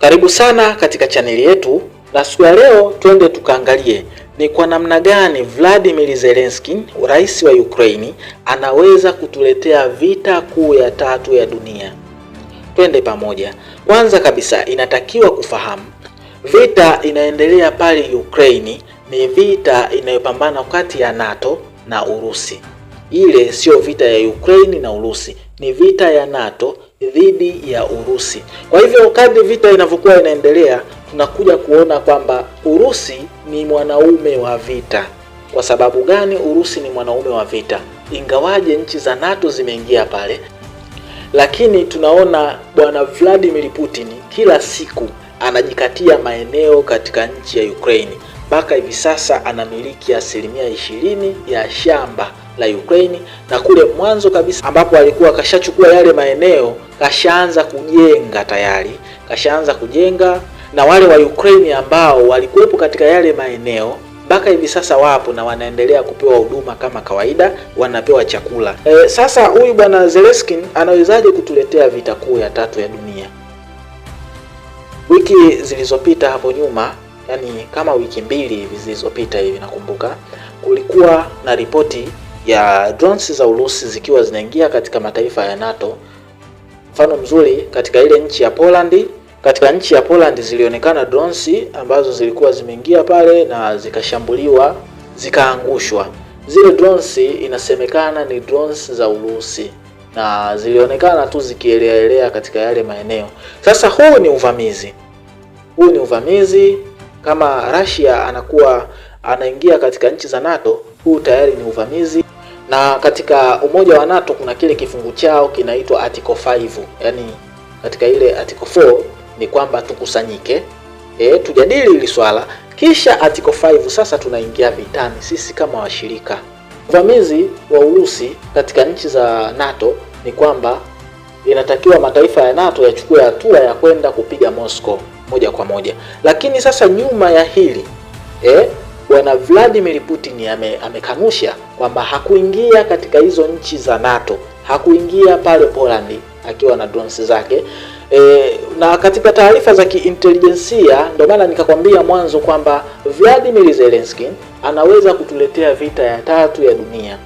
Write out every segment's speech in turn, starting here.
Karibu sana katika chaneli yetu, na siku ya leo twende tukaangalie ni kwa namna gani Vladimir Zelensky, rais wa Ukraini, anaweza kutuletea vita kuu ya tatu ya dunia. Twende pamoja. Kwanza kabisa, inatakiwa kufahamu vita inaendelea pale Ukraini ni vita inayopambana kati ya NATO na Urusi. Ile siyo vita ya Ukraini na Urusi, ni vita ya NATO dhidi ya Urusi. Kwa hivyo kadri vita inavyokuwa inaendelea, tunakuja kuona kwamba Urusi ni mwanaume wa vita. Kwa sababu gani Urusi ni mwanaume wa vita? Ingawaje nchi za NATO zimeingia pale, lakini tunaona bwana Vladimir Putin kila siku anajikatia maeneo katika nchi ya Ukraine mpaka hivi sasa anamiliki asilimia ishirini ya shamba la Ukraine, na kule mwanzo kabisa ambapo alikuwa kashachukua yale maeneo kashaanza kujenga tayari, kashaanza kujenga na wale wa Ukraine ambao walikuwepo katika yale maeneo mpaka hivi sasa wapo na wanaendelea kupewa huduma kama kawaida, wanapewa chakula. E, sasa huyu bwana Zelensky anawezaje kutuletea vita kuu ya tatu ya dunia? Wiki zilizopita hapo nyuma yani kama wiki mbili hivi zilizopita hivi nakumbuka, kulikuwa na ripoti ya drones za Urusi zikiwa zinaingia katika mataifa ya NATO. Mfano mzuri katika ile nchi ya Poland, katika nchi ya Poland zilionekana drones ambazo zilikuwa zimeingia pale na zikashambuliwa, zikaangushwa. Zile drones inasemekana ni drones za Urusi na zilionekana tu zikielea elea katika yale maeneo. Sasa huu ni uvamizi, huu ni uvamizi kama Russia anakuwa anaingia katika nchi za NATO, huu tayari ni uvamizi. Na katika umoja wa NATO kuna kile kifungu chao kinaitwa article 5, yani katika ile article 4 ni kwamba tukusanyike, e, tujadili hili swala, kisha article 5 sasa tunaingia vitani sisi kama washirika. Uvamizi wa Urusi katika nchi za NATO ni kwamba inatakiwa mataifa ya NATO yachukue hatua ya kwenda kupiga Moscow moja kwa moja. Lakini sasa nyuma ya hili eh, bwana Vladimir Putin ame, amekanusha kwamba hakuingia katika hizo nchi za NATO, hakuingia pale Poland akiwa na drones zake. E, na katika taarifa za kiintelijensia ndio maana nikakwambia mwanzo kwamba Vladimir Zelensky anaweza kutuletea vita ya tatu ya dunia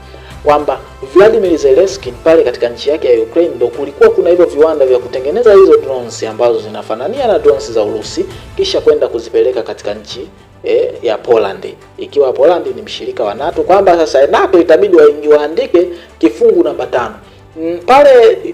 kwamba Vladimir Zelensky pale katika nchi yake ya Ukraine ndo kulikuwa kuna hivyo viwanda vya kutengeneza hizo drones ambazo zinafanania na drones za Urusi kisha kwenda kuzipeleka katika nchi E, ya Poland ikiwa Poland ni mshirika wa NATO, kwamba sasa NATO itabidi waandike kifungu namba tano mm, pale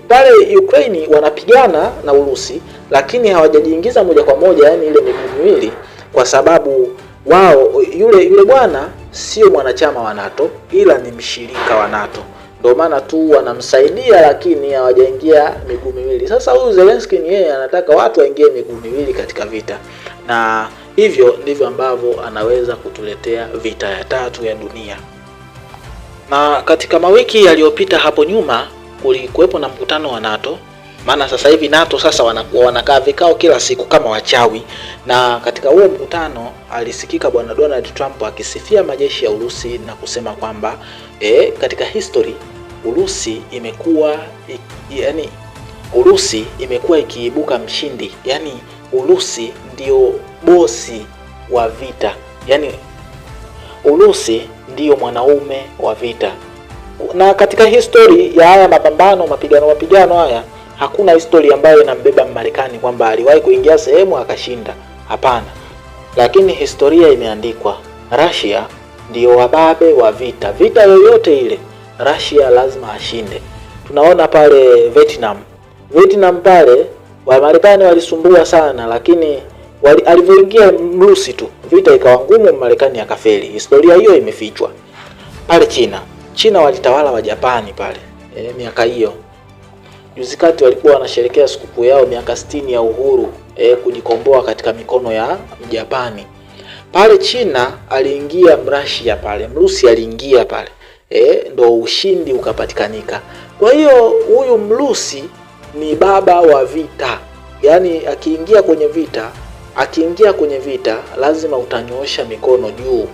pale Ukraine wanapigana na Urusi, lakini hawajajiingiza moja kwa moja, yani ile miguu miwili, kwa sababu wao yule yule bwana sio mwanachama wa NATO ila ni mshirika wa NATO, ndio maana tu wanamsaidia, lakini hawajaingia miguu miwili. Sasa huyu Zelensky ni yeye anataka watu waingie miguu miwili katika vita, na hivyo ndivyo ambavyo anaweza kutuletea vita ya tatu ya dunia. Na katika mawiki yaliyopita hapo nyuma kulikuwepo na mkutano wa NATO maana sasa hivi NATO sasa wanakuwa wanakaa vikao kila siku kama wachawi. Na katika huo mkutano alisikika bwana Donald Trump akisifia majeshi ya Urusi na kusema kwamba e, katika history Urusi imekuwa yani, Urusi imekuwa ikiibuka mshindi, yani Urusi ndio bosi wa vita, yani Urusi ndiyo mwanaume wa vita, na katika history ya haya mapambano mapigano mapigano haya hakuna history ambayo inambeba Marekani kwamba aliwahi kuingia sehemu akashinda. Hapana, lakini historia imeandikwa. Russia ndio wababe wa vita, vita yoyote ile Russia lazima ashinde. Tunaona pale Vietnam, Vietnam pale Wamarekani walisumbua sana, lakini alivyoingia Mrusi tu vita ikawa ngumu, Marekani akafeli. Historia hiyo imefichwa. Pale China, China walitawala wa Japani pale e, miaka hiyo Juzi kati walikuwa wanasherehekea sikukuu yao miaka 60 ya uhuru eh, kujikomboa katika mikono ya Japani. Pale China aliingia Mrasia pale, Mrusi aliingia pale eh, ndo ushindi ukapatikanika. Kwa hiyo huyu Mrusi ni baba wa vita, yaani akiingia kwenye vita, akiingia kwenye vita lazima utanyoosha mikono juu.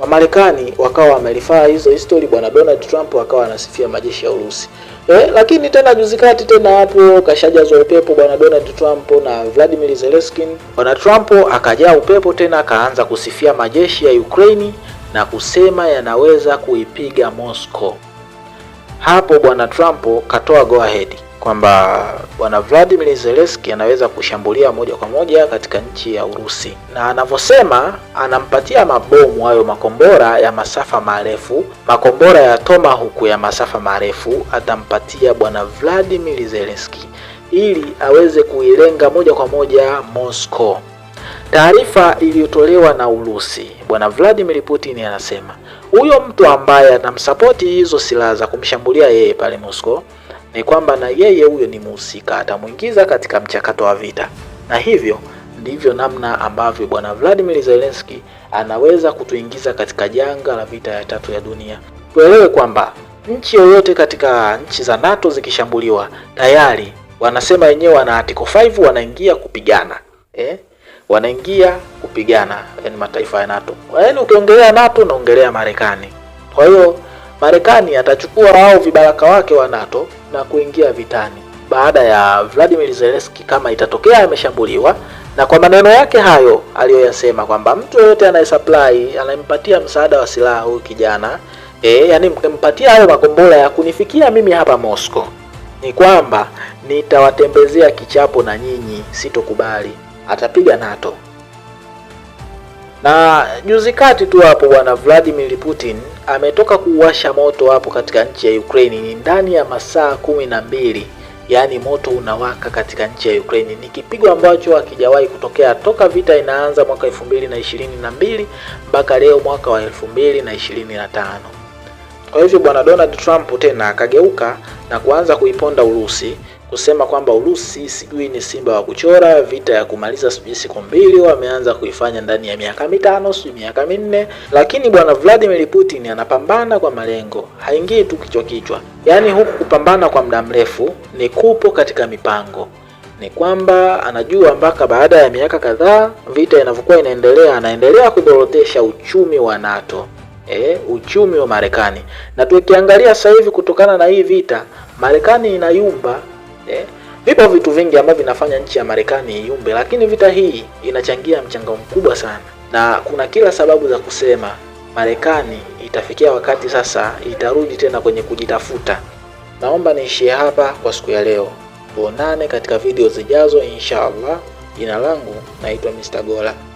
Wamarekani wakawa wamelifaa hizo history, bwana Donald Trump akawa anasifia majeshi ya Urusi. Eh, lakini tena juzi kati tena hapo kashajazwa upepo bwana Donald Trump na Vladimir Zelensky. Bwana Trump akajaa upepo tena akaanza kusifia majeshi ya Ukraine na kusema yanaweza kuipiga Moscow. Hapo bwana Trump katoa go ahead kwamba bwana Vladimir Zelensky anaweza kushambulia moja kwa moja katika nchi ya Urusi, na anavyosema anampatia mabomu hayo makombora ya masafa marefu, makombora ya Tomahawk ya masafa marefu atampatia bwana Vladimir Zelensky ili aweze kuilenga moja kwa moja Moscow. Taarifa iliyotolewa na Urusi, bwana Vladimir Putin anasema huyo mtu ambaye anamsapoti hizo silaha za kumshambulia yeye pale Moscow ni kwamba na yeye huyo ni mhusika, atamwingiza katika mchakato wa vita, na hivyo ndivyo namna ambavyo bwana Vladimir Zelensky anaweza kutuingiza katika janga la vita ya tatu ya dunia. Tuelewe kwamba nchi yoyote katika nchi za NATO zikishambuliwa tayari wanasema wenyewe wana article 5 wanaingia kupigana eh? wanaingia kupigana yani mataifa ya NATO. Yaani ukiongelea NATO unaongelea Marekani. Kwa hiyo Marekani atachukua hao vibaraka wake wa NATO na kuingia vitani baada ya Vladimir Zelensky kama itatokea ameshambuliwa. Na kwa maneno yake hayo aliyoyasema kwamba mtu yoyote supply anayempatia msaada wa silaha huyu kijana e, yani mkempatia hayo makombora ya kunifikia mimi hapa Moscow, ni kwamba nitawatembezea kichapo na nyinyi, sitokubali. Atapiga NATO. Na juzi kati tu hapo bwana Vladimir Putin ametoka kuwasha moto hapo katika nchi ya Ukraine ni ndani ya masaa kumi na mbili, yaani moto unawaka katika nchi ya Ukraine. Ni kipigo ambacho hakijawahi kutokea toka vita inaanza mwaka elfu mbili na ishirini na mbili mpaka leo mwaka wa elfu mbili na ishirini na tano. Kwa hivyo bwana Donald Trump tena akageuka na kuanza kuiponda Urusi kusema kwamba Urusi sijui ni simba wa kuchora, vita ya kumaliza sijui siku mbili wameanza kuifanya ndani ya miaka mitano sijui miaka minne. Lakini bwana Vladimir Putin anapambana kwa malengo, haingii tu kichwa kichwa. Yaani huku kupambana kwa muda mrefu ni kupo katika mipango ni kwamba anajua mpaka baada ya miaka kadhaa vita inavyokuwa inaendelea, anaendelea kudorotesha uchumi wa NATO, e, uchumi wa Marekani. Na tukiangalia sasa hivi kutokana na hii vita Marekani inayumba eh? Vipo vitu vingi ambavyo vinafanya nchi ya Marekani iumbe, lakini vita hii inachangia mchango mkubwa sana, na kuna kila sababu za kusema Marekani itafikia wakati sasa itarudi tena kwenye kujitafuta. Naomba niishie hapa kwa siku ya leo, tuonane katika video zijazo inshallah. Jina langu naitwa Mr. Gola.